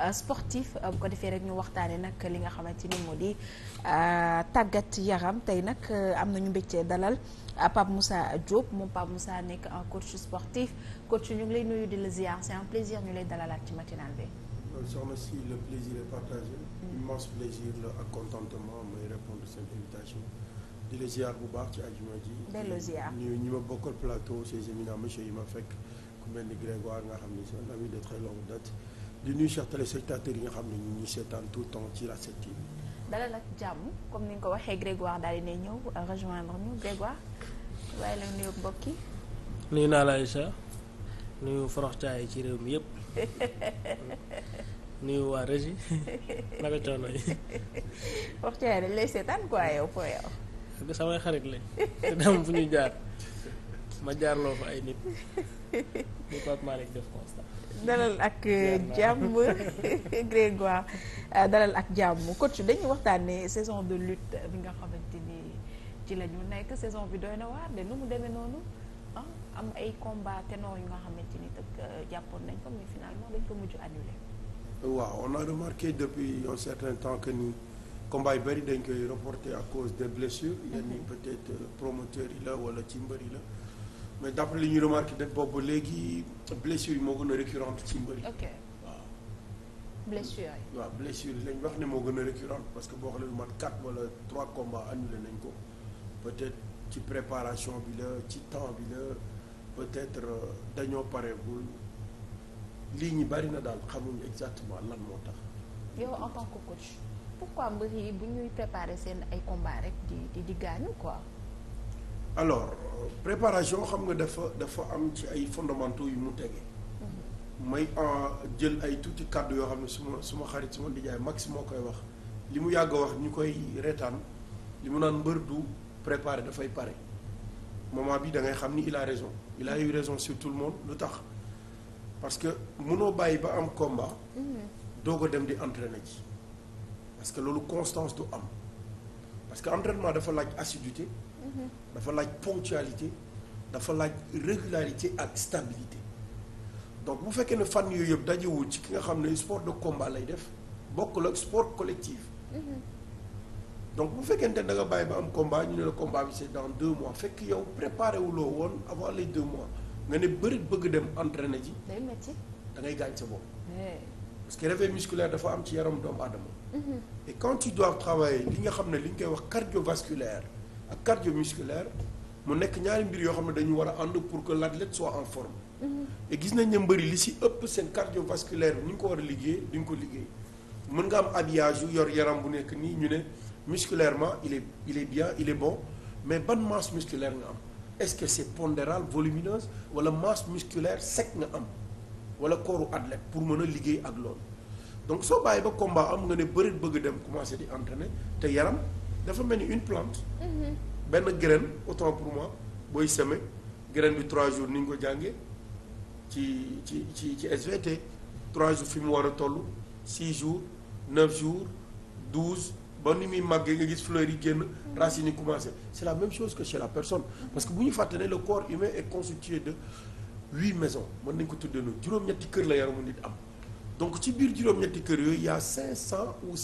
Euh, sportif euh, bu ko defee rek ñu waxtaanee nag li nga xamante ni moo di euh, tàggat yaram tey nag am na nañu mbégte dalal Pape Moussa Diop moom Pape Moussa nekk en coach sportif coach ñu ngi lay nuyu di la ziar c'est un plaisir ñu lay dalalaat ci matinal bi. soxna si le plaisir est partagé. Mm. immense plaisir la ak contentement may répondre seen invitation. di la ziar bu baax ci ajuma ji. delloo ziar ñu ñi ma bokkal plateau ces éminents monsieur yi ma fekk ku mel ni di nuyu chers téléspectateurs yi nga xam ne ñu ngi seetaan tout temps ci la 7TV. dalal ak jàmm comme ni nga ko waxee Grégoire daal di ne ñëw rejoindre ñu Grégoire waaye la nuyu mbokk yi. nuyu naa la Aïcha nuyu foroxtaay ci réew mi yëpp nuyu waa Régie naka coono yi. foroxtaay seetaan quoi yow pour samay xarit la te dem fu jaar. ma jaarloo fa ay nit di Pape Malick def constat dalal ak jàmm Grégoire euh, dalal ak jàmm coach dañuy waxtaanee saison de lut bi nga xamante ni ci la ñu nekk saison bi doy na waar de nu mu demee noonu ah am ay combat tenor yu nga xamante ni tëgg euh, jàppoon nañ ko mais finalement dañ ko mujj annulé. waaw on a remarqué depuis un certain temps que nii combat yu bëri dañ koy reporté à cause des blessures yenn peut-être euh, promoteurs yi la wala ci mbër yi la. mais d'après li ñu remarqué def boobu léegi blessure yi moo gën a récurrente ci mbëri. ok waaw. blessure yi. waaw blessure yi lañ wax ne moo gën a récurrente parce que boo xoolee lu mat quatre wala trois combats annulé nañ ko peut-être ci préparation bi la ci temps bi la peut-être euh, dañoo pareegul lii ñi bari na daal xamuñu exactement lan moo tax. yow en tant que coach pourquoi mbëri yi bu ñuy préparer seen ay combats rek di di di gaañu alors préparation xam nga dafa dafa am ci ay fondamentaux yu mu tege may jël ay tuuti kàddu yoo xam ne suma suma xarit suma ndijaay Max moo koy wax li mu yàgg a wax ñu koy reetaan li mu naan mbër du préparé dafay pare moment bi da ngay xam ni il a raison il a eu raison sur tout le monde lu tax parce que mënoo bàyyi ba am komba doo ko dem di entraîner ci parce que loolu constance du am parce que entraînement dafa laaj assiduité dafa laaj ponctualité dafa laaj régularité ak stabilité donc bu fekkee ne fànn yooyu yëpp dajewul ci ki nga xam ne sport de combat lay def bokkul ak sport collectif. donc bu fekkente ne da nga bàyyi ba am combat ñu ne la combat bi c'est dans deux mois fekk yow préparé wuloo woon avant les deux mois nga ne bërit bëgg dem entraîné ji. day da ngay gaañ sa bopp. parce que réveil musculaire dafa am ci yaram doomu adama mhm. et quand tu dois li nga xam ne li ñu koy wax cardiovasculaire. ak cardio-musculaire mu nekk ñaari mbir yoo xam ne dañu war a ànd pour que l'athlète soit en forme mm-hmm. et gis nañ ne mbëri li si ëpp seen cardiovasculaire bi ni ñu ko war a liggéey ñu ko liggéey mën nga am habillage yu yor yaram bu nekk nii ñu ne musculairement il est il est bien il est bon mais ban masse musculaire nga am est-ce que c'est pondéral volumineuse wala masse musculaire sec nga am wala corps athlète pour mën a liggéey ak loolu donc soo bàyyi ba combat am nga ne bërit bëgg dem commencer di entraîner te yaram dafa mel ni une plante. Mm-hmm. benn graine autant pour moi booy semer graine bi trois jours ni ñu ko jàngee ci ci ci ci SVT trois jours fi mu war a toll six jours neuf jours douze ba ni muy màggee nga gis fleurs yi génn mm-hmm. racines yi commencé c'est la même chose que chez la personne parce que bu ñu fàtte ne le corps humain est constitué de huit maisons mën nañ ko tuddee noonu juróom-ñetti kër la yaramu nit am donc ci biir juróom-ñetti kër yooyu y a cinq cent ou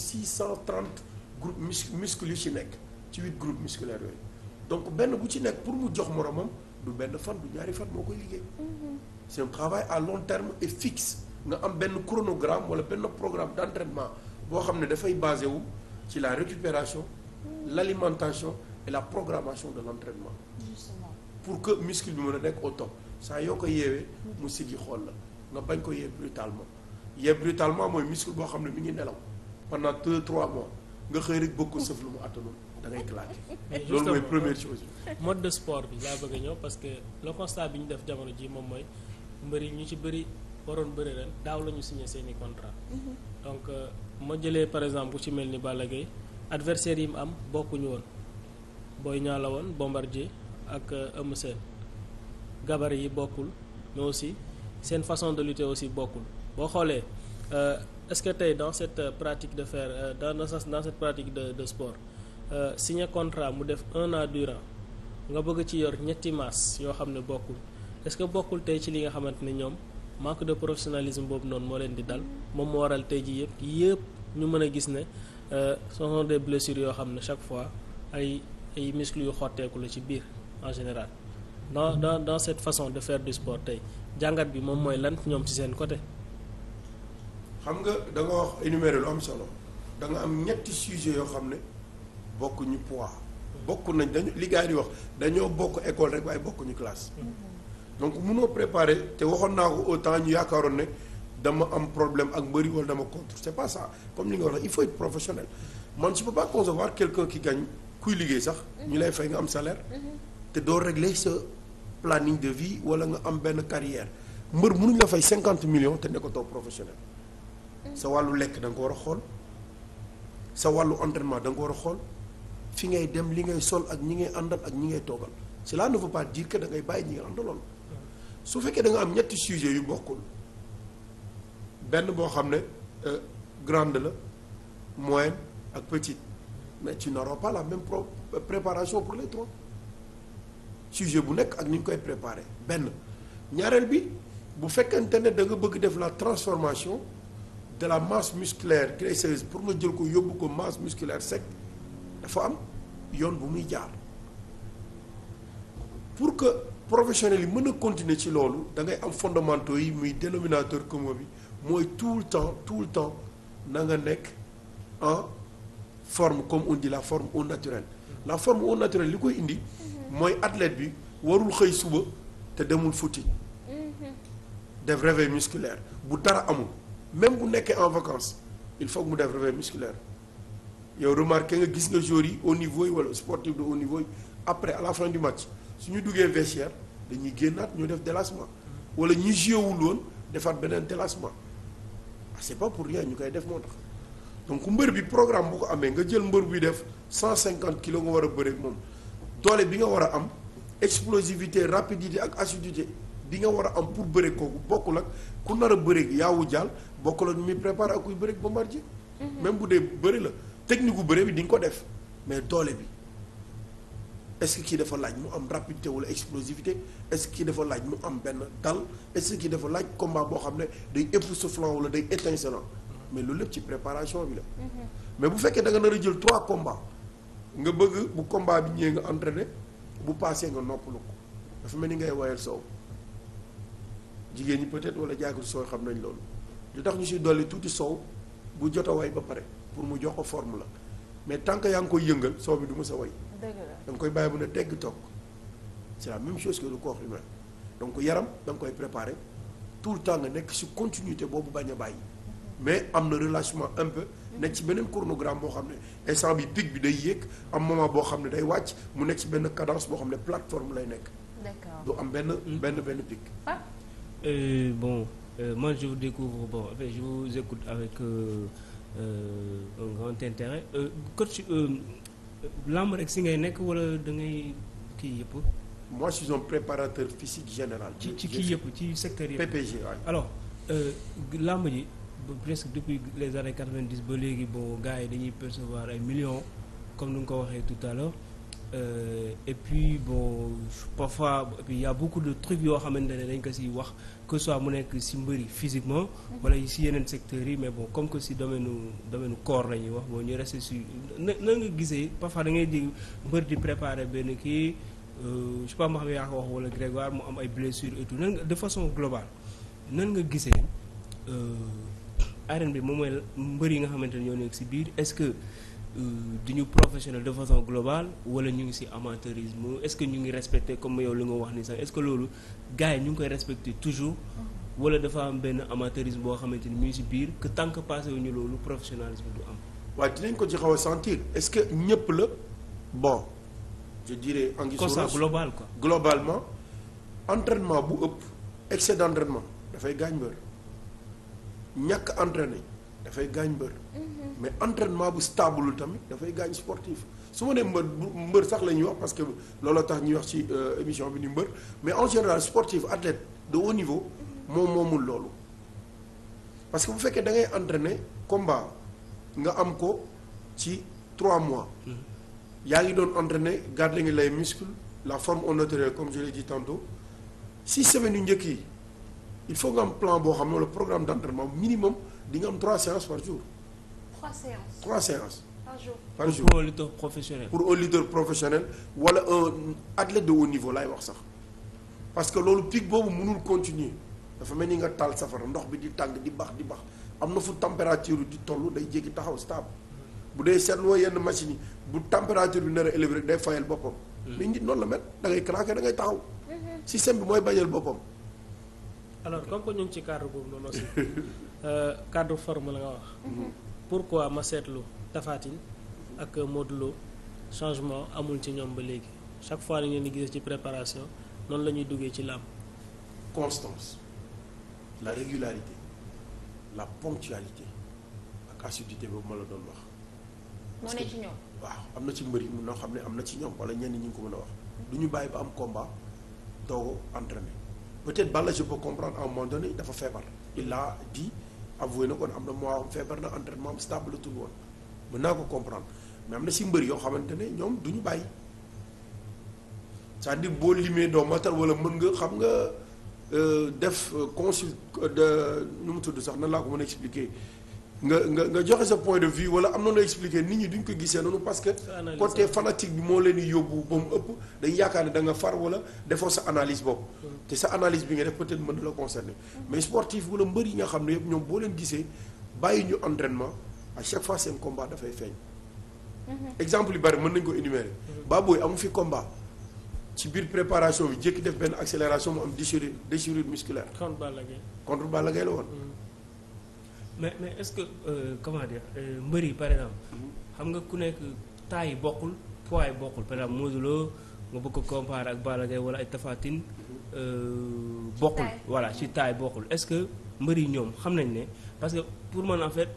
groupe mus muscle yu ci nekk ci huit groupes musculaires yooyu donc benn bu ci nekk pour mu jox moromam du benn fan du ñaari fan moo koy liggéey. Mm-hmm. c'est un travail à long terme et fixe nga am benn chronogramme wala benn programme d'entraînement boo xam ne dafay basé wu ci la récupération mm-hmm. l'alimentation et la programmation de l'entraînement justement pour que muscle bi mun a nekk au top saa yoo ko yeewee mm-hmm. mu siggi xool la nga bañ ko yee brutalement yee brutalement mooy muscle boo xam ne mi ngi nelaw pendant deux trois mois nga xëy rek bëgg ko sëf lu mu attanu da ngay claqué. loolu mooy première ñëw parce que le constat bi ñu def jamono ji moom mooy mbëri ñu ci bëri waroon bëri ren daaw la ñu signé seeni i mhm. donc euh, ma jëlee par exemple ku ci mel ni Balla Gaye adversaire yi mu am bokkuñu woon Boy Niang la woon Bombardier ak euh, Eumeu Sène gabarit yi bokkul mais aussi seen façon de lutter aussi bokkul boo xoolee. Euh, est-ce que tey dans cette euh, pratique de faire euh, dans dans cette pratique de de sport euh, contrat mu def un an durant nga bëgg ci yor ñetti maas yoo xam ne bokkul est-ce que bokkul tey ci li nga xamante ne ñoom manque de professionnalisme boobu noonu moo leen di dal moom moo waral tey ji yëpp yëpp ñu mën a gis ne euh, ce sont des blessures yoo xam ne chaque fois ay ay muscles yu xotteeku la ci biir en général dans dans dans cette façon de faire du sport tey jàngat bi moom mooy lan ñoom ci seen côté. xam nga da nga wax énuméré lu am solo da nga am ñetti sujet yoo xam ne bokkuñu poids bokk nañ dañu li gars di wax dañoo bokk école rek waaye bokkuñu classe donc mënoo préparer te waxoon naa ko autant ñu yaakaaroon ne dama am problème ak mbëri wala dama contre c'est pas ça comme li nga wax il faut être professionnel man je peux pas concevoir quelqu'un qui gagne kuy liggéey sax ñu lay fay nga am salaire te doo régler sa planning de vie wala nga am benn carrière mbër mënuñ la fay cinquante millions te nekkatoo professionnel sa wàllu lekk da ko war a xool sa wàllu entraînement da nga ko war a xool fi ngay dem li ngay sol ak ñi ngay àndal ak ñi ngay toogal cela ne veut pas dire que da ngay bàyyi ñi nga àndaloon su fekkee danga nga am ñetti sujet yu bokkul benn boo xam ne euh, grande la moyen ak petite mais ci n'auras pas la même pro euh, préparation pour les trois bu nekk ak ni ñu koy préparer benn ñaareel bi bu fekkente ne da nga bëgg def la transformation de la masse musculaire graisseuse pour nga jël ko yóbbu ko masse musculaire sec dafa am yoon bu muy jaar pour que professionnels yi mën a continuer ci loolu dangay am fondamentaux yi muy dénominateur commun bi mooy tout le temps tout le temps na nga nekk en forme comme on dit la forme au naturel la forme on naturel li koy indi mooy athlète bi warul xëy suba te demul footing mm-hmm. def réveil musculaire bu dara amul même bu nekkee en vacances il faut mu def réveil musculaire yow remarqué nga gis nga joueurs yi au niveau yi wala sportif de haut niveau yi après la fin du match su ñu duggee vestiaire dañuy génnaat ñu def délassement wala ñi jéewul woon defaat beneen délassement ah c'est pas pour rien ñu koy def moo tax donc mbër bi programme bu ko amee nga jël mbër buy def cent cinquante kilos nga war a bëre moom doole bi nga war a am explosivité rapidité ak acidité bi nga war a am pour bëre kooku bokkul ak ku nar a bëre yaawu jaal bokkul ak mi préparé ak mhm. même bu dee bëri la technique bu bëri bi di nga ko def mais toole bi est-ce que kii dafa laaj mu am rapidité wala explosivité est-ce que kii dafa laaj mu am benn dal est-ce que kii dafa laaj combat boo xam ne day époustouflant wala day étincelant mais loolu lépp ci préparation bi la. Mhm. mais bu fekkee danga nga nar a jël trois combats nga bëgg bu combat bi ñëwee nga entraîné bu paasee nga noppalu ko dafa mel ni ngay woyal soow jigéen ñi peut-être wala jaagul soow xam nañ loolu. lu tax ñu si dolli tuuti soow bu jot a way ba pare pour mu jox ko forme la mais tant que yaa ngi koy yëngal soow bi du mës a way da koy bàyyi bu ne tegg toog c'est la même chose yaram da nga koy préparer tour le temps nekk si continuité boobu bañ a bàyyi mais am na relâchement un peu nekk ci beneen chronogramme boo xam ne instant bi pic bi day yéeg am moment boo xam ne day wàcc mu nekk ci benn cadence boo xam ne plateforme lay nekk lu am benn benn benn pic ah. euh, bon Euh, moi, je vous découvre, bon, enfin, je vous écoute avec euh, euh, un grand intérêt. Euh, coach, rek si ngay nekk wala dangay kii yëpp. moi je suis un préparateur physique général. ci ci kii yëpp ci secteur yëpp. PPG waaw alors lamb ji presque depuis les années quatre-vingt-dix ba léegi boo gars yi dañuy percevoir ay million comme ni nga ko waxee tout à l'heure Euh, et puis bon parfois et puis il y a beaucoup de trucs yoo xamante ne dañ ko si wax que soit mu nekk si mbëri physiquement mhm. wala si yeneen secteurs yi mais bon comme que si domaine domaine corps la ñuy wax bon ñu resté si na nga gisee parfois da ngay di mbër di préparer benn kii euh, je sais pas ma xam yaa ko wax wala Grégoire mu am ay blessures et tout nan nga de façon globale nan nga gisee euh, arène bi moom mooy mbër yi nga xamante ne ñoo nekk si biir est-ce que Euh, du ñu professionnel de façon globale wala ñu ngi ci amateurisme est-ce que ñu ngi respecter comme yow li nga wax ni sax est-ce que loolu gars yi ñu ngi koy respecter toujours wala dafa am benn amateurisme boo xamante ni mu ngi ci biir que tant que passé wu ñu loolu professionnalisme du am. waaw dinañ ko ci xaw a sentir est-ce que ñëpp la bon je dirais. en constat global ko globalement entraînement bu ëpp excès d'entraînement dafay gaañ mbër ñàkk entraîné. dafay gaañ mbër. mais entraînement bu stable tamit dafay gaañ sportif su ma nee mbër mbër sax la ñuy wax parce que looloo tax ñuy wax ci euh, émission bi ni mbër mais en général sportif athlète de haut niveau moom moomul loolu. parce que bu fekkee da ngay entraîner combat nga am ko ci trois mois. yaa ngi doon entraîner garder nga lay muscles la forme au naturel comme je l'ai dit tantôt six semaines yu njëkk yi il faut nga am plan boo xam ne wala programme d'entraînement minimum. di nga am trois séances par jour. trois séances trois séances. par jour pour un lutteur professionnel. pour un wala un athlète de haut niveau laay wax sax parce que loolu pic boobu mënul continuer dafa mel ni nga taal safara ndox bi di tàng di bax di bax am na fu température di toll day jéggi taxaw stable bu dee seetloo yenn machines yi bu température bi nar a élevé rek day fayal boppam. Hmm. mais nit noonu la mel da ngay craquer ngay taxaw. Hmm. système bi mooy bañal boppam. alors comme que ñu ngi ci cadre boobu noonu aussi euh, cadre forme la nga wax. pourquoi ma seetlu tafaatin ak Modou changement amul ci ñoom ba léegi chaque fois ni ngeen di ci préparation noonu la ñuy duggee ci làmp constance la régularité la ponctualité ak assiduité boobu ma la doon wax. moo ne ci ñoom waaw am na ci mbëri yi noo xam ne am na ci ñoom wala ñenn ñu ngi ko mën a wax. duñu bàyyi ba am combat doog a entraîné peut-être Balla je peux comprendre à un moment donné dafa feebar il l'a dit avoué na kon am na mois am feebar na entraînement am stable tul woon mën naa ko comprendre mais am na si mbër yoo xamante ne ñoom du ñu bàyyi cest à boo limee doo matal wala mën nga xam nga euh, def euh, consul euh, nu mu tudd sax na laa ko mën a expliquer nga nga nga joxe sa point de vue wala am na loo nit ñi duñ ko gisee noonu parce que côté fanatique bi moo leen di yóbbu ba mu ëpp dañ yaakaar ne da far wala defoo sa analyse bopp mm. te sa analyse bi nga def peut-être mën na la concerner mm. mais sportif wala xam ne yëpp ñoom boo leen gisee bàyyi fois seen combat dafay feeñ mm-hmm. exemple yu mën nañ ko énumérer mm-hmm. Baboy amu fi combat ci biir préparation bi jékki def benn accélération mu am déchirure déchirure musculaire contre Balla Gaye la woon mm. mais mais est-ce que euh, comment dire euh, mbër yi par exemple. xam nga ku nekk taille yi bokkul poids bokkul par exemple Modou Lo nga bëgg ko comparer ak Balla Gaye wala ay Tapha Tine euh, bokkul voilà ci taille bokkul est-ce que mbër yi ñoom xam nañ ne parce que pour man en fait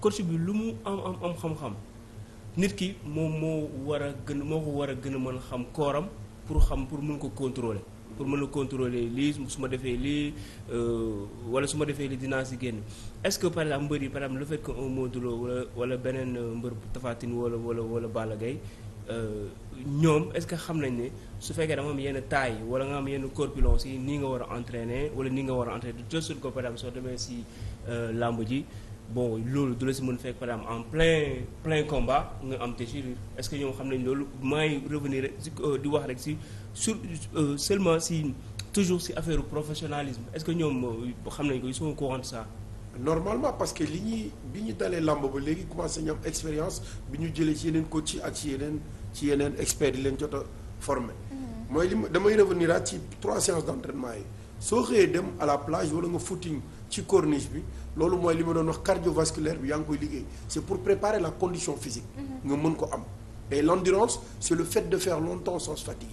coach bi lu mu am am am xam-xam nit ki moom moo war a gën moo ko war a gën a mën xam kooram pour xam pour mun ko contrôler. pour mën a contrôler lii su ma defee lii euh, wala su ma defee lii dinaa si génn est-ce que par exemple mbër yi par exemple le fait que un Modou Lo wala wala beneen euh, mbër Tapha Tine wala wala wala Balla Gaye euh, ñoom est-ce que xam nañ ne su fekkee da nga am yenn taille wala nga am yenn corpulence yi nii nga war a entraîner wala nii nga war a entraîner de telle sorte que par exemple soo demee si làmb ji bon loolu du la si mën fekk par exemple en plein plein combat nga am déchirure que ñoom xam nañ loolu sur euh, si toujours si affaire professionnalisme est-ce que ñoom euh, xam nañ ko ils sont courant de normalement parce que li ñuy bi ñu dalee làmb ba léegi commencé ñu am expérience bi ñu jëlee ci yeneen coach yi ak ci yeneen ci yeneen experts yi leen jot a formé. Mm-hmm. mooy li damay revenir ci trois séances d'entraînement yi soo xëyee dem à la plage wala nga footing ci corniche bi loolu mooy li ma doon wax cardiovasculaire bi yaa ngi koy liggéey c'est pour préparer la condition physique. Mm-hmm. nga mën ko am le fait de faire longtemps sans se fatiguer.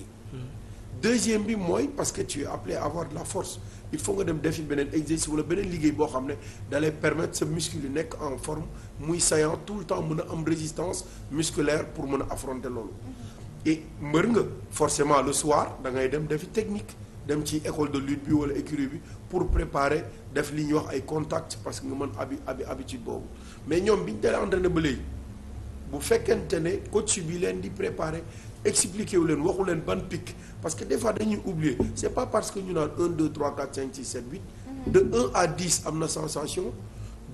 deuxième bi mooy parce que tu es appelé avoir de la force il faut nga dem defi beneen exercice wala beneen liggéey boo xam ne dalay permettre sa muscle yu nekk en forme muy saillant tout le temps mën a am résistance musculaire pour mën a affronter loolu et mbër nga forcément le soir da ngay dem defi technique dem ci école de lutte bi wala écurie bi pour préparer def li ñuy wax ay contacts parce que nga mën abi abi habitude boobu mais ñoom biñ dalee entraîné ba léegi bu fekkente ne coach bi leen di préparer expliqué wu leen waxu leen ban pic parce que des fois dañuy oublier c'est pas parce que ñu naan 1 2 3 4 5 6 7 8. de 1 à 10 am na sensation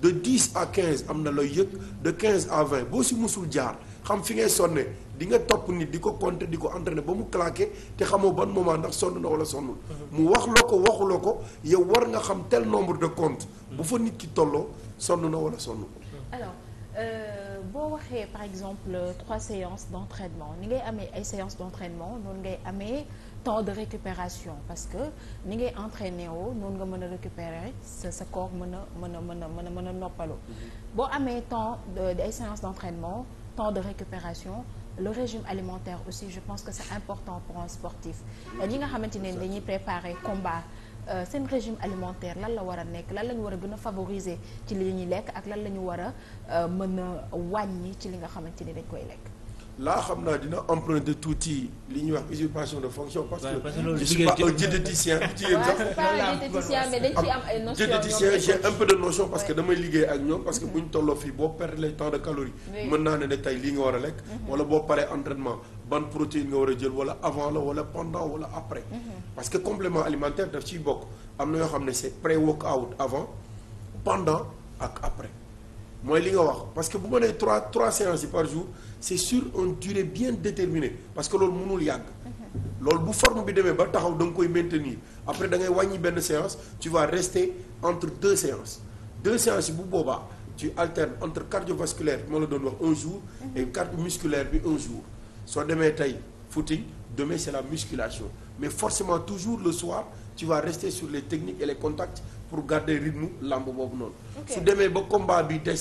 de 10 à quinze am na la yëg de quinze à 20 boo si mosul jaar xam fi ngay sonne di nga topp nit di ko compter di ko entraîner ba mu claqué te xamoo ban moment ndax sonn na wala sonnul. Mm-hmm. mu wax la ko waxuloo ko yow war nga xam tel nombre de comptes. Mm-hmm. bu fa nit ki tolloo sonn na wala sonnul. Mm-hmm. alors. Euh, boo waxee par exemple euh, trois séances d'entraînement ni ngay amee ay séances d'entraînement noonu ngay amee temps de récupération parce que ni ngay entraîné woo noonu nga mën a récupérer sa sa corps mën a mën a mën a mën a mën a noppalu mhm. boo amee temps de ay séances d'entraînement temps de récupération le régime alimentaire aussi je pense que c'est important pour un sportif li mhm. nga xamante ne dañuy préparer combat Euh, seen régime alimentaire lan la war a nekk lan la ñu war a gën a favoriser ci li ñuy lekk ak lan la ñu war a euh, mën a wàññi ci li nga xamante ni dañ koy lekk. laa xam naa dina emprunter tuuti li ñuy wax usurpation de fonction. parce que je suis pas un diététicien. ci yéen sax mais dañ ciy am ay notions diététicien j'ai un peu de notion parce que damay liggéey ak ñoom parce que mm-hmm. bu ñu tolloo fii boo perdre le temps de calorie. mën naa ne ne tey lii nga war a lekk. Mm-hmm. wala boo paree entraînement. ban protéine nga war a jël wala avant la wala pendant wala après. Mhm. parce que complément alimentaire daf ciy bokk am na yoo xam ne c'est pré workout avant pendant ak après mooy li nga wax parce que bu ma nee trois trois séances yi par jour c'est sur une durée bien déterminée parce que loolu mënul yàgg. Mhm. loolu bu forme bi demee ba taxaw danga koy maintenir après da ngay wàññi benn séance tu vas rester entre deux séances deux séances bu boobaa tu alternes entre cardiovasculaire bi ma la doon wax un jour. Mhm. et cardio musculaire bi un jour. soo demee tey footing demain c'est la musculation mais forcément toujours le soir ci vas rester sur les techniques et les contacts pour garder rythme lamb boobu noonu. su demee ba combat bi des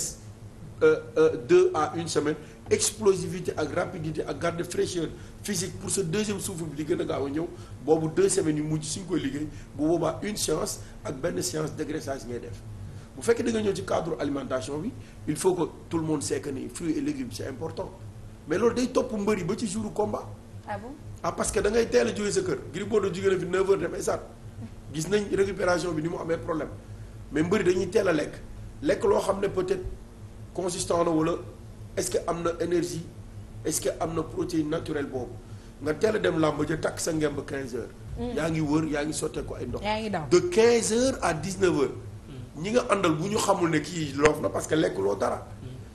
euh, euh, deux à une semaine explosivité ak rapidité ak garder fraîcheur physique pour ce deuxième souffle bi di gën a gaaw a ñëw boobu deux semaines yu mujj suñ koy liggéey bu boobaa une séance ak benn séance dégraissage ngay def. bu fekkee da nga ñëw ci cadre alimentation bi il faut que tout le monde mais loolu day topp mbëri ba ci jouru combat. ah bon ah parce que da teel a jógee sa kër. Gris Bordeaux jógee na fi 9h dem esaat gis nañ récupération bi ni mu amee problème mais mbëri dañuy teel a lekk lekk loo xam ne peut-être consistant la wala est-ce que am na énergie est-ce que am na protéine naturelle boobu nga teel a dem làmb ja takk sa ngemb 15h. Mm. yaa ngi wër yaa ngi sottee ko ay ndox. yaa ngi daw de 15h à 19 mm. ñi nga àndal bu ñu xamul ne kii loof na parce que lekk loo dara.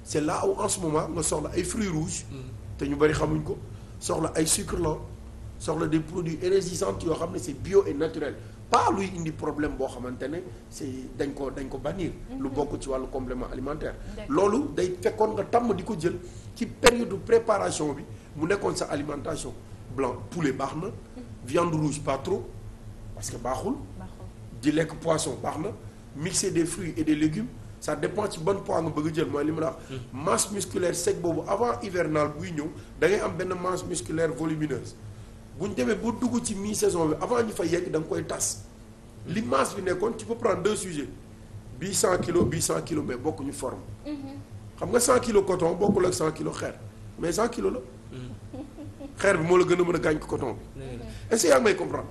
c'est là aw en ce moment nga soxla ay fruits rouges te ñu bëri xamuñ ko soxla ay sucre lent soxla des produits énergisants yoo xam ne si bio et naturel pas luy indi problème boo xamante ne c'est dañ ko dañ ko bannir mhm. lu bokk ci wàllu complément alimentaire loolu day fekkoon nga tàmm di ko jël ci période de préparation bi mu nekkoon sa alimentation blanc poulet baax na viande rouge patro trop parce que baaxul di lekk poisson baax na mixer des fruits et des légumes ça dépend ci ban poids nga bëgg jël mooy li ma la wax. Hmm. masse musculaire sec boobu avant hivernal buy ñëw da ngay am benn masse musculaire volumineuse bu ñu demee ba dugg ci mi saison bi avant ñu fa yegg da nga koy tas li masse bi nekkoon tu peux prendre deux sujets bii cent kilos bi cent kilos mais ñu forme. Mm-hmm. xam nga cent kilo coton bokkul ak cent kilo xeer mais cent kilos la. Mm-hmm. xeer bi moo la gën a mën a gaañ ko coton bi. Mm-hmm. est-ce que yaa may comprendre.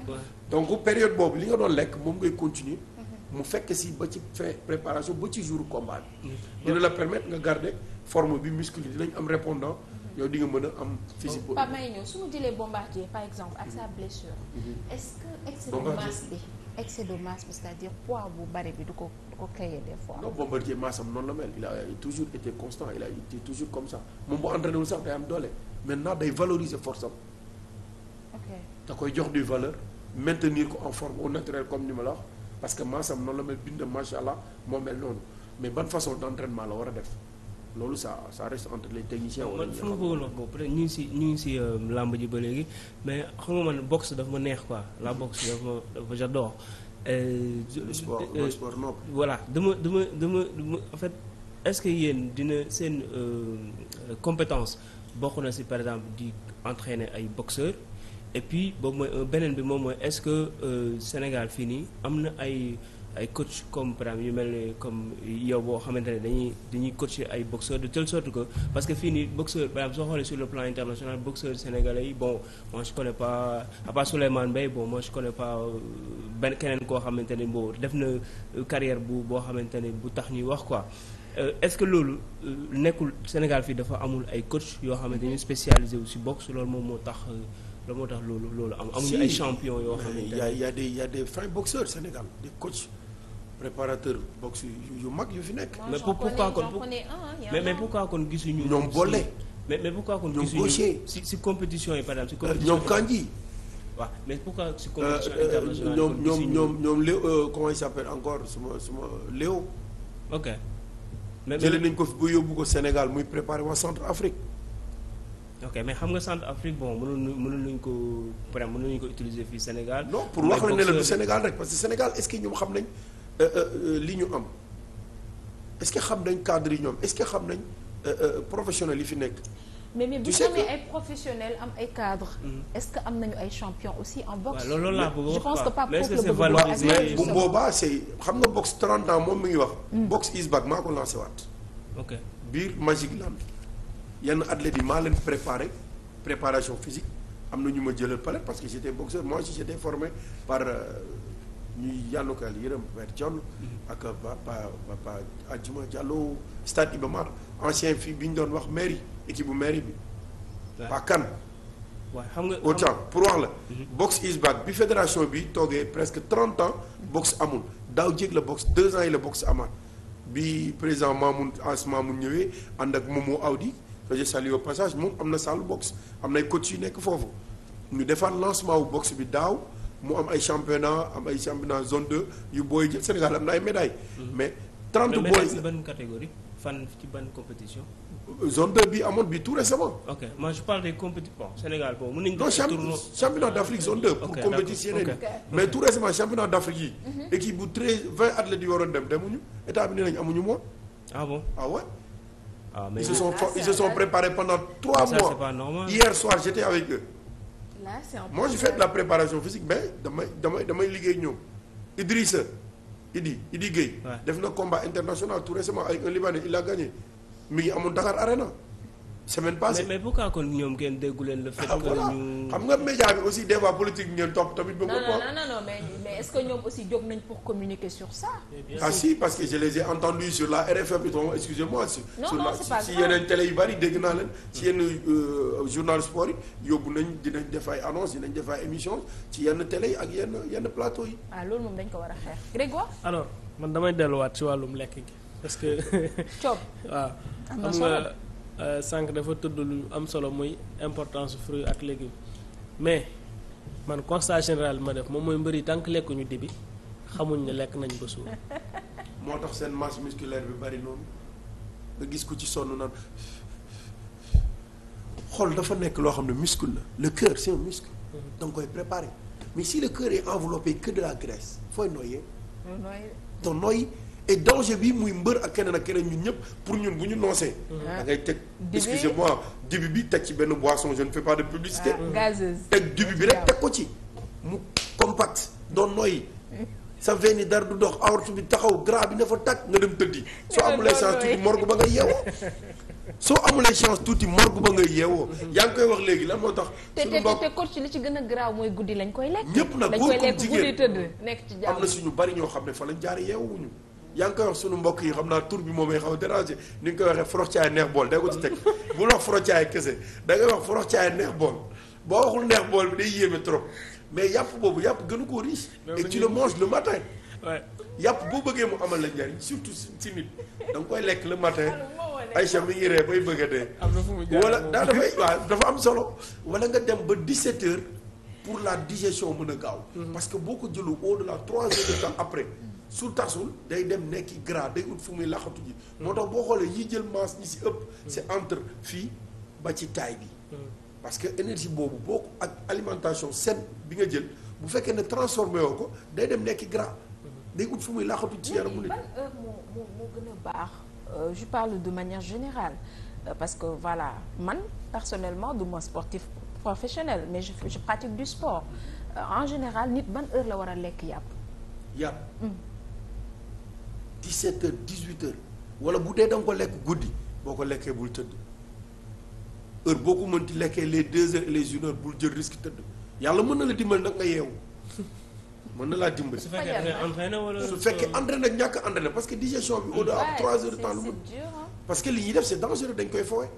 donc période boobu li nga doon lekk moom ngay continuer. mu fekk si ba ci préparation ba ci jour combat bi. Mm. dina la permettre nga garde forme bi muscle yi dinañ am répondant yow di mën a am physique boobu. Pape Maye ñëw su ñu jëlee bombardier par exemple ak sa mm-hmm. blessure. Mm-hmm. est-ce que bi excès de dire poids bu bari bi du ko du ko créer des fois. noonu la mel il a toujours été constant il a été toujours comme ça moom bu entraîné wul sax day am doole maintenant day valoriser force am. da koy jox du valeur maintenir ko en form au naturel comme ni ma la wax. parce que maasam noonu la may bind macha allah moo mel noonu mais ban façon d' entraînement la war a def loolu ça ça reste entre les techniciens. wala ñi nga xam man si ñu ngi si euh, làmb ji ba léegi mais xam nga man boxe daf ma neex quoi la mhm. boxe daf ma dafa j'adore. Euh, le sport euh, le sport nopp. dama dama dama dama en fait est ce que yéen dina seen compétence bokk na si par exemple di entraîner ay boxeurs. et puis boobu mooy euh, beneen bi moom mooy est-ce que euh, Sénégal fii nii am na ay ay coach comme par yu mel ne comme yow boo xamante ne dañuy dañuy coacher ay boxeurs de telle sorte ko parce que fii nii boxeur par exemple soo xoolee sur le plan international boxeur sénégalais yi bon moi je connais pas à part Souleymane Mbaye bon moi je connais pas euh, benn koo xamante ne boo def na carrière bu boo xamante ne bu tax ñuy wax quoi est-ce que loolu nekkul Sénégal fii dafa amul ay coach yoo xamante ne spécialisé wu si loolu moom moo tax. la moo tax loolu loolu am amuñu ay champion yoo xam ne y a des y a des fins boxeurs Sénégal des coachs préparateur boxe yu mag yu fi nekk. mais pourquoi kon mais mais pourquoi kon gisuñu. ñoom boole. mais mais pourquoi kon gisuñu si si compétition yi par exemple si euh, compétition ñoom Kandji. waaw mais pourquoi si euh, compétition euh, internationale ñoom ñoom ñoom ñoom Léo comment il s'appelle encore suma suma Léo. ok. mais jëlee nañ ko bu yóbbu ko Sénégal muy préparé waa Centre Afrique. ok mais xam nga centre Afrique bon mënoon mënoon nañu ko pare mënoon nañu ko utiliser fii Sénégal. non pour wax la ne la du Sénégal rek parce que Sénégal est euh, euh, euh, ñu am est que xam nañ cadre yi ñoom est-ce que xam nañ professionnels yi fi nekk. mais mais bu ñu amee ay professionnels am ay mhm. ce que am nañu ay champions aussi en boxe. waaw loolu laa bëgg je xam nga boxe 30 moom mi ngi wax. Mm. boxe is back maa ko lancé waat. ok biir Magic Land. yenn athlètes yi maa leen préparé préparation physique am na ñu ma jëlal palette parce que j'étais boxeur moi aussi j'étais formé par ñu yàlla ko yàlla yërëm Père John ak papa euh, papa Adjuma Diallo stade Iba Mar ancien fii bi ñu doon wax mairie équipe bu mairie bi. waaw kan. waaw xam nga autant pour wax la. Mm-hmm. boxe is back bi fédération bi toogee presque trente ans boxe amul daaw jéeg la boxe deux ans yi la boxe amaat bi président Mamoun As Mamoun ñëwee ànd ak Momo Awdi. que je salue au passage moom am na salle boxe am nay coach yu nekk foofu ñu defaat lancement wu boxe bi daaw mu am ay championnat am ay championnat zone de yu booy jël Sénégal am na ay médailles. Mhm. mais 30 booy ci ban fan ci ban compétition. Euh, zone 2 bi amoon bi tout récemment. ok moi je parle des compétitions bon Sénégal bon mën nañu. non championnat d' Afrique zone 2. pour compétitionner okay. okay. mais tout récemment championnat d' Afrique yi. Mhm. équipe bu 13 dem demuñu état bi nee nañu amuñu mois. ah, ah Ah, mais ils se sont là, ils se sont ah, préparés pendant trois ça, mois. c'est Hier soir j'étais avec eux. Là, c'est la préparation physique mais damay damay damay liggéey ñoom Idrissa Idi Idi Gueye. def na combat international tout récemment avec un Libanais il a gagné mi ngi amoon Dakar Arena. semaine passée mais mais pourquoi kon ñoom ngeen déggu leen le fait ah, que ñu. xam nga média bi aussi des fois politique ngeen topp tamit. ba mu non non non mais mais est-ce ñoom aussi jóg nañ pour communiquer sur ça. ah si parce que je les ai entendus sur la RFM itam excusez-moi. sur la si yeneen télé yu bari dégg naa leen. si yenn euh, journal sport yi yóbbu nañ dinañ def ay annonces dinañ def ay émissions ci yenn télé yi ak yenn yenn plateau yi. ah loolu moom ko war a xeex. Grégoire. alors man damay delluwaat ci wàllum lekk gi que. coob Euh, sànq dafa tudd lu am solo muy importance fruits ak légumes mais man constat général ma def moom mooy mbëri tànk lekkuñu dibi xamuñ ne lekk nañu ba moo tax seen masse musculaire bi bari noonu nga gis ko ci sonn na xool dafa nekk loo xam ne muscle la le cœur c'est un muscle. Mm-hmm. danga koy préparer mais si le kër yi enveloppé que de la graisse fooy noyyee. nooy donc nooy. et danger bi muy mbër ak keneen ak keneen ñu ñëpp pour ñun bu ñu noosee. Ah. da ngay teg excusez-moi bi teg ci benn boisson je ne fais pas de publicité. Ah, gazeuse teg dibi bi rek teg ko ci mu compact doon nooy. sa veine yi dara du dox aorte bi taxaw gras bi na fa tàkk nga dem tëddi soo amulee chance tuuti morgue ba nga yeewoo soo amulee chance tuuti morgue ba nga yeewoo. Mhm. yaa ngi koy wax léegi lan moo tax. suñu mbokk te te li ci gën a graaw mooy guddi lañ koy lekk. ñëpp nag góor nekk ci am na suñu bari ñoo xam ne fa lañ jaar yeewuñu. yaa ngi koy wax sunu mbokk yi xam naa tur bi moom may xaw a déranger ni nga koy waxee foroxcaay neex bool day ko ci teg bul wax foroxcaay kese boo waxul neex bool bi day yéeme mais yàpp boobu yàpp gënu koo riche et tu le manges le matin yàpp boo bëggee mu amal la njariñ surtout si da nga koy lekk le matin Aïcha mi ngi ree bay bëgg a wala daa dafay dafa am solo wala nga dem ba 17 heures pour la digestion mën a gaaw mhm. parce que boo ko jëlu au delà trois heures de après su tasul day dem nekki gra day ut fu muy laxatu ji moo tax boo xoolee yi jël masse ñi si ëpp c'est entre fii ba ci taay bi parce que énergie boobu boo ko ak alimentation saine bi nga jël bu fekkee ne transformé woo ko day dem nekki gra day ut fu muy laxatu ci yaramu nit moo moo moo gën a baax euh, je parle de manière générale euh, parce que voilà man personnellement du ma sportif professionnel mais je, pratique du sport euh, en général nit ban heure la war a lekk yàpp yàpp hmm. 17 heures 18 heures wala bu dee da ko lekk guddi boo ko lekkee bul tëdd heure boo ko mënti lekkee les 2 heures et les 1 heure bul jël risque tëdd yàlla mën na la dimbali nag nga yeewu mën na laa dimbali. su fekkee entraîné wala fekkee entraîné ak ñàkk entraîné parce que digestion bi. au delà de heures de temps parce que li ñuy def c'est dangereux dañ koy fowee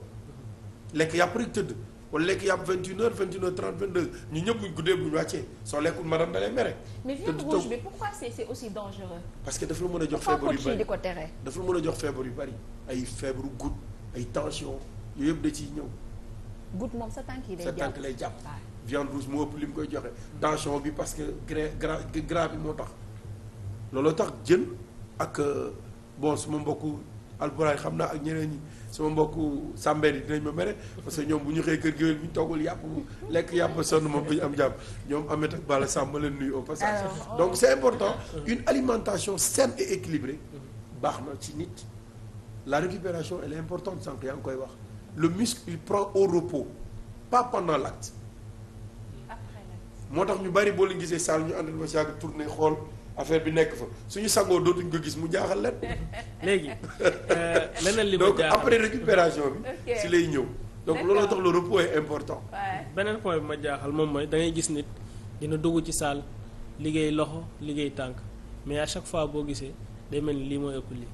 lekk yàpp rek tëdd. wala lekk yàpp vingt une heures vingt une heures trente vingt deux ñu ñëpp buñ guddee buñ wàccee soo lekkul madame da lay mere. mais viande rouge bi pourquoi c'est c'est aussi dangereux. parce que dafa la mën a jox feebar yu bari a yu bari ay feebaru goutte ay tension yooyu yëpp da ciy ñëw. goutte moom sa tànk yi jàpp sa tànk lay jàpp. viande rouge moo ëpp li mu koy joxe. tension bi parce que grain gras gra bi moo tax. looloo tax jën ak euh, bon su ma mbokku alburaay xam naa ak ñeneen yi sama mbokku sàmbeer yi dinañ ma mere parce que ñoom bu ñu xëy kër géwél bu ñu toggul yàpp lekk yàpp sonn moom bu ñu am jàpp ñoom Amet ak Bala Samb ma leen nuyu au passage donc une alimentation saine et baax na ci nit la récupération elle est importante sànq yaa ngi koy wax le muscle il prend au repos pas pendant l'acte moo tax ñu bari boo leen gisee saal ñu àndal ba si yàgg tourner xool affaire bi nekk fa suñu sangoo dootuñ ko gis mu jaaxal leen. léegi euh, leneen li ma jaaxal donc après bi. si lay ñëw. donc looloo tax le repos est important. beneen point bi ma jaaxal moom mooy dangay gis nit dina dugg ci saal liggéey loxo liggéey tànk mais à chaque fois boo gisee day mel ni lii mooy ëpp lii.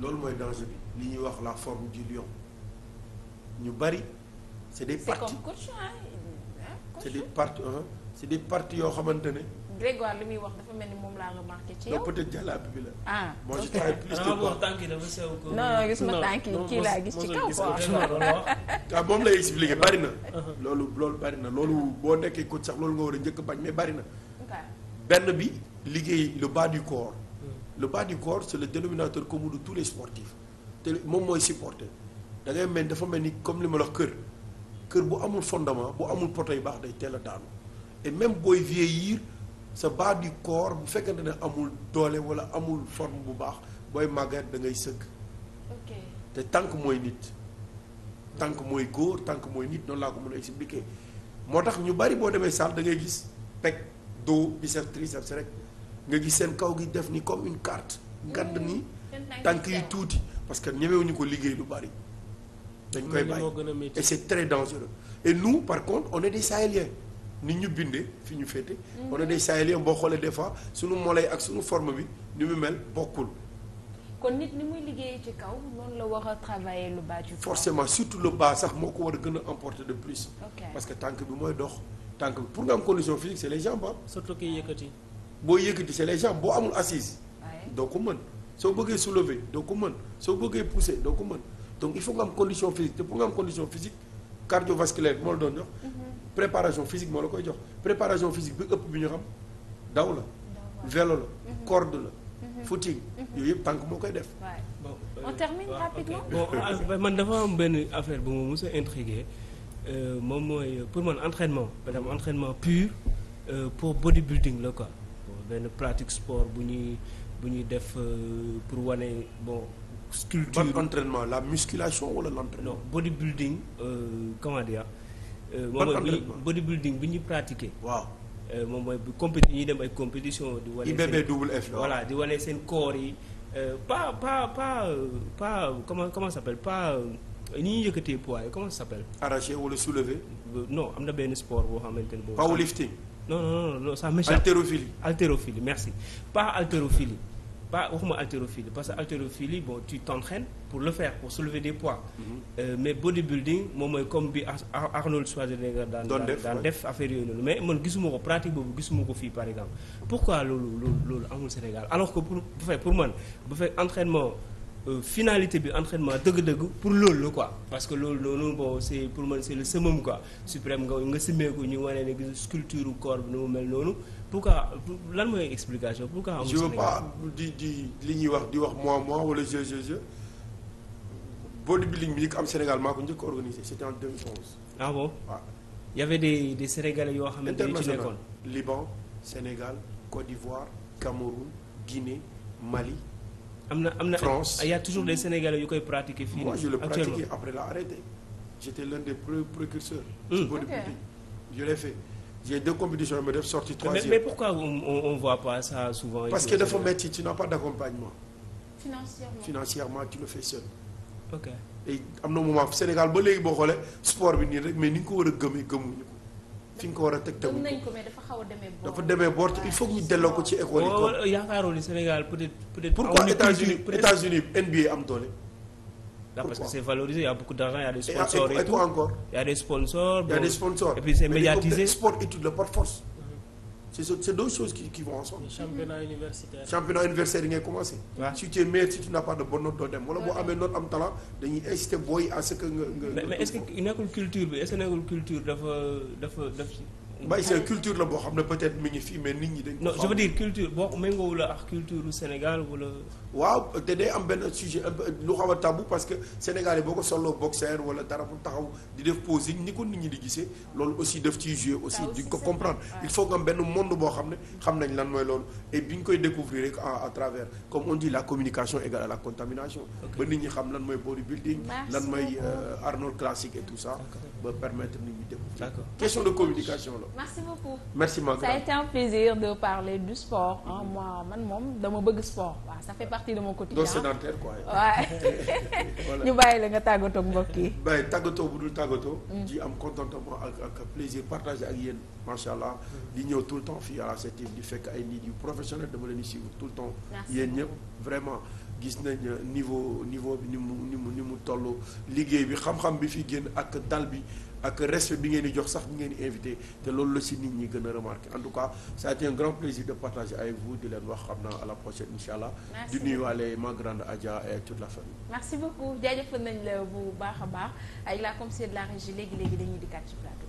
loolu mooy danger bi li ñuy wax la forme du lion ñu bari c'est des parties c'est des parties des parties yoo xamante ne. Grégoire li muy wax dafa mel ni moom laa remarqué ci yow. peut-être jàllaabi bi la. ah ok non non gis ma tànk yi kii laa gis ci kaw quoi. Ah, moom lay expliqué bari na. Uh-huh. loolu loolu bari na loolu boo nekkee coach sax loolu nga war a njëkk bañ mais bari na. benn bi liggéey le bas du corps. Hmm. le bas du corps c'est le dénominateur commun de tous les sportifs te moom mooy supporter da ngay mel dafa mel ni comme li ma la wax kër kër bu amul fondement bu amul poto yu baax day teel a daanu et même booy vieillir. sa bas du corps bu fekkente ne amul doole wala amul forme bu baax booy màggat da ngay sëgg te tànk mooy nit tànk mooy góor tànk mooy nit noonu laa ko mën a expliquer moo tax ñu bari boo demee salle da ngay gis pec dos biceps triceps rek nga gis seen kaw gi def ni comme une carte ngand mm. ni tànk yi tuuti parce que ñewee ñemewuñu ko liggéey lu bari dañ koy bàyyi et c'est très dangereux et nous par contre on est des sahéliens ni ñu bindee fi ñu féete. Mm-hmm. on est des sahéliens boo xoolee des fois suñu moolay ak suñu forme bi ni mu mel bokkul. kon nit ni muy liggéeyee ci kaw noonu la war a travailler le bas du forcément surtout le bas sax moo ko war a gën a emporter de plus. parce que tànk bi mooy dox tànk bi pour nga am condition physique c'est les jambes boo yëkkati c'est les jambes boo amul assise. doo ko mën soo bëggee soulever doo ko mën soo bëggee pousser doo ko mën donc il faut nga am condition physique te pour nga am condition physique moo doon jox. Mm-hmm. préparation physique moo la koy jox préparation physique bi ëpp bi ñu xam daw la vélo la corde la footing yooyu yëpp tànk moo koy def bon euh, on man dafa am benn affaire bu ma mos a intrigué euh, moom mooy euh, pour man entraînement maanaam entraînement pur pour bodybuilding la quoi benn pratique sport bu ñuy bu ñuy def pour wane bon sculpture ban la musculation wala l'entraînement non bodybuilding comment dire Euh, moom mooy body building bi ñu pratiqué. waaw euh, moom mooy bu compéti ñuy dem ay compétition di wane IBBWF voilà di wane seen corps yi euh, pas pas pas pas comment comment pas ni ñuy yëkkatee poids yi comment ça s'appelle. arraché wala soulevé. non am na benn sport boo xamante ne boobu. powerlifting. non non non ça m'échappe. haltérophilie haltérophilie merci pas haltérophilie pas waxuma haltérophilie parce que haltérophilie bon tu t'entraînes pour le faire pour soulever des poids. Mm -hmm. euh, mais bodybuilding moom mooy comme bi Arnold Schwarzenegger daan daan def affaire yooyu noonu mais man gisuma ko pratique boobu gisuma ko fii par exemple. pourquoi loolu loolu loolu amul Sénégal alors ko pour bu fekk pour man bu fekk entraînement euh, finalité bi entraînement dëgg-dëgg pour loolu la quoi. parce que loolu noonu bon c' est pour man c' est le summum suprême nga simmeeku ñu wane ne gis sculpture corps bi nu mu mel noonu. pourquoi lan mooy explication pourquoi. amul li ñuy wax di wax moi moi wala bodybuilding bi ñu ko am Sénégal maa ko njëkk organisé c'était en 2011. ah bon waaw. y avait des yoo xam ne dañu ci nekkoon Liban Sénégal Côte d'Ivoire Cameroun Guinée Mali. am na am na France y a toujours des sénégalais yu koy pratiquer fii. moi je le après la arrêté. j'étais l'un des précurseurs. ci hmm. bodybuilding je l'ai fait. j'ai deux pas ça souvent. parce que dafa métti tu n'as pas d'accompagnement. financièrement financièrement tu le seul. ok tey am na moment Sénégal ba léegi boo xoolee sport bi nii rek mais ni ñu ko war a gëmee gëmuñu ko fi ñu ko war a teg tamit dafa xaw a demee boor il faut ñu delloo ko ci école yi. waaw yaakaaroo ni Sénégal peut-être peut-être. pourquoi États-Unis États-Unis NBA am doole. parce que c'est valorisé y beaucoup d'argent y a des sponsors et tout et quoi encore. sport étude la par force. c' est c' est deux choses championnat universitaire. championnat universitaire yi ngay commencé. waaw si tu es meilleur si tu doo dem wala boo amee note am talent dañuy incité booy à ce que nga nga. mais est ce nekkul culture bi est ce que nekkul culture dafa dafa si Mbaye Sèye culture la boo xam ne peut-être mi ngi fii mais nit ñi dañ non je dire culture boo méngoowu la ak culture u Sénégal wala waaw te day am euh, lu xaw a tabou parce que Sénégal yi boo ko solloo boxeur wala dara mu taxaw di def posing ni ko nit ñi di gisee lool aussi def ci jouer aussi duñ ko comprendre il faut nga benn monde boo xam ne xam nañ lan mooy loolu et bi ñu koy découvrir rek à travers comme on dit la communication égale à la contamination ba nit ñi xam lan mooy bodybuilding lan mooy euh, Arnold classique et tout ça ba permettre nit ñi découvrir question de communication la merci beaucoup merci beaucoup ça a été un plaisir de parler du sport ah moi man moom dama bëgg sport waaw ça fait partie de mon quotidien doo ñu bàyyi la nga tàggatoo ak mbokk yi. bàyyi tàggatoo bu dul tàggatoo. Mm. di am contentement ak ak plaisir partagé ak yéen macha allah. Mm. di ñëw tout le temps fii à la 7 di fekk ay nit yu professionnel dama leen di suivre tout le temps. yéen ñëpp vraiment. gis nañ niveau niveau bi ni mu ni mu ni mu toll liggéey bi xam-xam bi fi génn ak dal bi ak respect bi ngeen di jox sax bi ngeen di invité te loolu la si nit ñi gën a remarqué en tout cas ça a été un grand plaisir de partager avec vous di leen wax xam naa la prochaine incha allah. di nuyuwaale ma grande la famille. merci beaucoup jaajëfal nañ la bu baax a baax ay la comme c'est de la régie léegi léegi dañuy dikkaat ci plateau.